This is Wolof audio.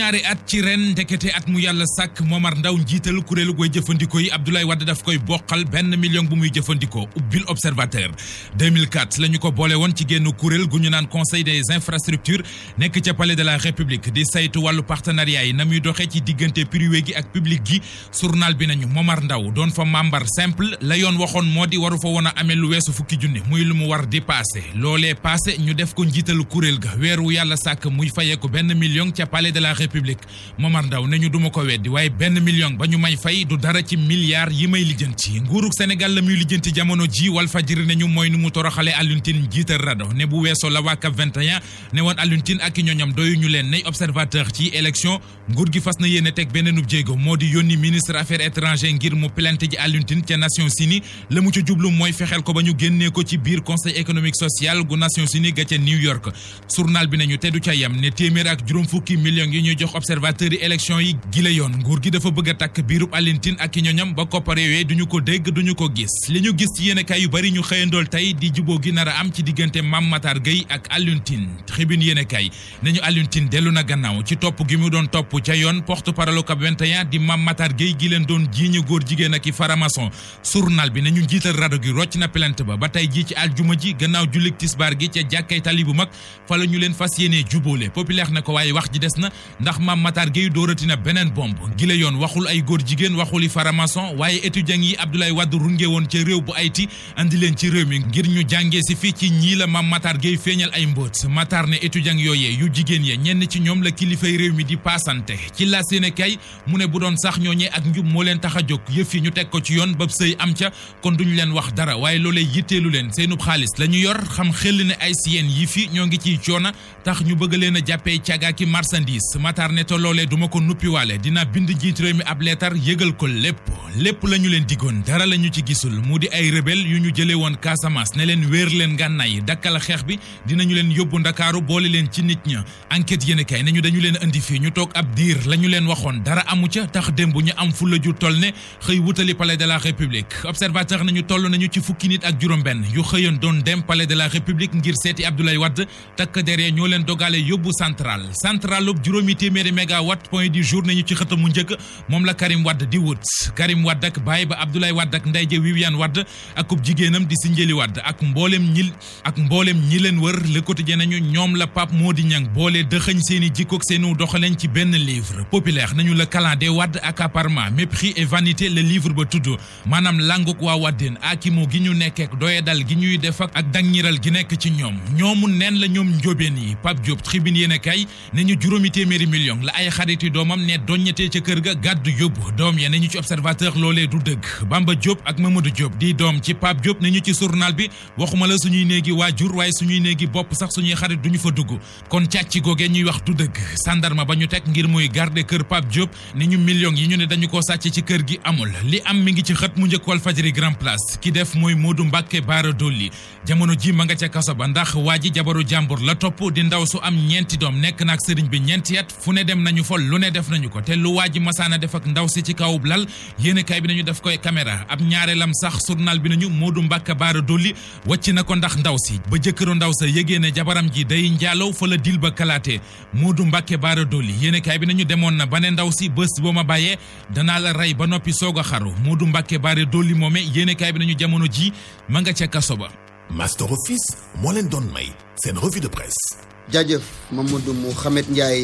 juróom-ñaari at ci ren ndekete at mu yàlla sàkk Momar Ndaw njiital la ñu ko boole woon ci génn kuréel gu ñu naan conseil des infrastructures nekk ca palais de la république di saytu wàllu partenariat yi na muy doxee ci diggante privé gi ak public gi journal bi nañu Momar Ndaw doon fa membre simple la yoon waxoon moo di waru fa woon a amee lu weesu fukki junne muy lu mu war di passé loolee passé ñu def ko njiital kuréel ga weeru yàlla sàkk muy fayee ko benn million ca palais de la république république Momar Ndao ne ñu duma ko weddi waaye benn million ba ñu may fay du dara ci milliards yi may lijjanti nguurug Sénégal la muy lijjanti jamono ji Walfadjri ne ñu mooy nu mu toroxale Alioune Tine jiital rado ne bu weesoo la waa CAP 21 ne woon Alioune Tine ak i ñoñam doyu ñu leen nay observateur ci élection nguur gi fas na yéene teg beneenub jéego moo di yónni ministre affaires étrangères ngir mu plante ji Alioune Tine ca Nations Unies la mu ca jublu mooy fexeel ko ba ñu génnee ko ci bi nañu teddu ca yam ne téeméer ak juróom fukki millions yi ñu jox observateur yi élection yi gile yoon nguur gi dafa bëgg a tàkk biirub alintin ak i ñoñam ba koppar yooyu duñu ko dégg duñu ko gis li ñu gis ci yéenekaay yu bari ñu xëyandool tey di juboo gi nar a am ci diggante Mame Matar Gueye ak alintin tribune yéenekaay nañu alintin dellu na gannaaw ci topp gi mu doon topp ca yoon porte-parole CAP 21 di Mame Matar gi leen doon jiiñu góor jigéen ak i faramason journal bi ñu njiital rajo gi rocc na plainte ba ba tey jii ci aljuma ji gannaaw jullik tisbaar gi ca jàkkay tali bu mag fa ñu leen fas yéenee jubóole populaire na ko waaye wax ji des na ndax Mame Matar Gueye dóorati na beneen bomb gile yoon waxul ay góor jigéen waxuli faramason waaye étudiants yi Abdoulaye Wade runge woon ca réew bu Haïti andi leen ci réew mi ngir ñu jàngee si fii ci ñii la Mame Matar Gueye feeñal ay mbóot Matar ne étudiants yooyee yu jigéen ya ñenn ci ñoom la kilifay réew mi di paasante ci la seene kay mu ne bu doon sax ñooñee ak njub moo leen tax a jóg yëf yi ñu teg ko ci yoon ba sëy am ca kon duñu leen wax dara waaye loolee yitteelu leen seenub xaalis la yor xam xel ne ay siyeen yi fi ñoo ngi ciy coona tax ñu bëgg leen a jàppee yaakaar ne te loolee duma ko nuppiwaale dina bind jiit réew mi ab leetar yëgal ko lépp lépp la ñu leen digoon dara la ñu ci gisul mu di ay rebelle yu ñu jëlee woon Casamance ne leen wéer leen ngànnaay dakkal xeex bi dinañu leen yóbbu ndakaaru boole leen ci nit ña enquête yéen kay ñu dañu leen indi fii ñu toog ab diir la leen waxoon dara amu ca tax démb ñu am fulla ju toll ne xëy wutali palais de la république observateur nañu toll nañu ci fukki nit ak juróom-benn yu xëyoon doon dem palais de la république ngir seeti Abdoulaye Wade takk deree ñoo leen dogale yóbbu central téeméeri mégawatt point du jour nañu ci xëtam mu njëkk moom la Karim wadd di wut Karim Wade ak baay ba Abdoulaye Wade ak ndey ja Viviane Wade ak kub jigéenam di Sindiély Wade ak mboolem ñi ak mboolem ñi leen wër Le Quotidien nañu ñoom la Pape Mody Niang boole dëxëñ seeni jikkook seenu doxaleen ci benn livre populaire nañu la calan des Wade accaparement mépris et vanité la livre ba tudd maanaam languk waa Wadeen akimo gi ñu nekkeek doyadal gi ñuy def ak dangiral gi nekk ci ñoom ñoomu nen la ñoom njóobeen yi Pape Diop tribune yéen a kay nañu juróomi téeméeri million la ay xariti doomam ne doññatee ca kër ga gàddu yóbbu doom ya ne ñu ci observateur loolee du dëgg Bamba Diop ak Mamadou Diop di doom ci Pape Diop ne ñu ci journal bi waxuma la suñuy néegi waajur waaye suñuy néegi bopp sax suñuy xarit ñu fa dugg kon càcc googee ñuy wax du dëgg sandarma ba ñu teg ngir muy garder kër Pape Diop ne ñu million yi ñu ne dañu koo sàcc ci kër gi amul li am mi ngi ci xët mu njëkk Walfadjri Grand Place ki def mooy Modou Mbacke Baara Dolli jamono ji ma nga ca kaso ba ndax waa ji jabaru jàmbur la topp di ndaw su am ñeenti doom nekk naak sëriñ bi ñeenti at fu ne dem nañu fol lu ne def nañu ko te lu waa ji masaana def ak ndaw si ci kaw lal yéenekaay bi nañu def koy caméra ab ñaareelam sax journal bi nañu du Mbacke Baara Dolli wàcc na ko ndax ndaw si ba jëkkëru ndaw sa yëgee ne jabaram ji day njaalaw fa la dil ba kalaatee moo Modou Mbacke Baara Dolli yéenekaay bi nañu demoon na ba ne ndaw si bés boo ma bàyyee danaa la rey ba noppi soog a xaru Modou Mbacke Baara Dolli moome yéenekaay bi nañu jamono ji ma nga ca kaso ba Master Office moo leen doon may seen revue de presse jaajëf Mamadou Mouhamed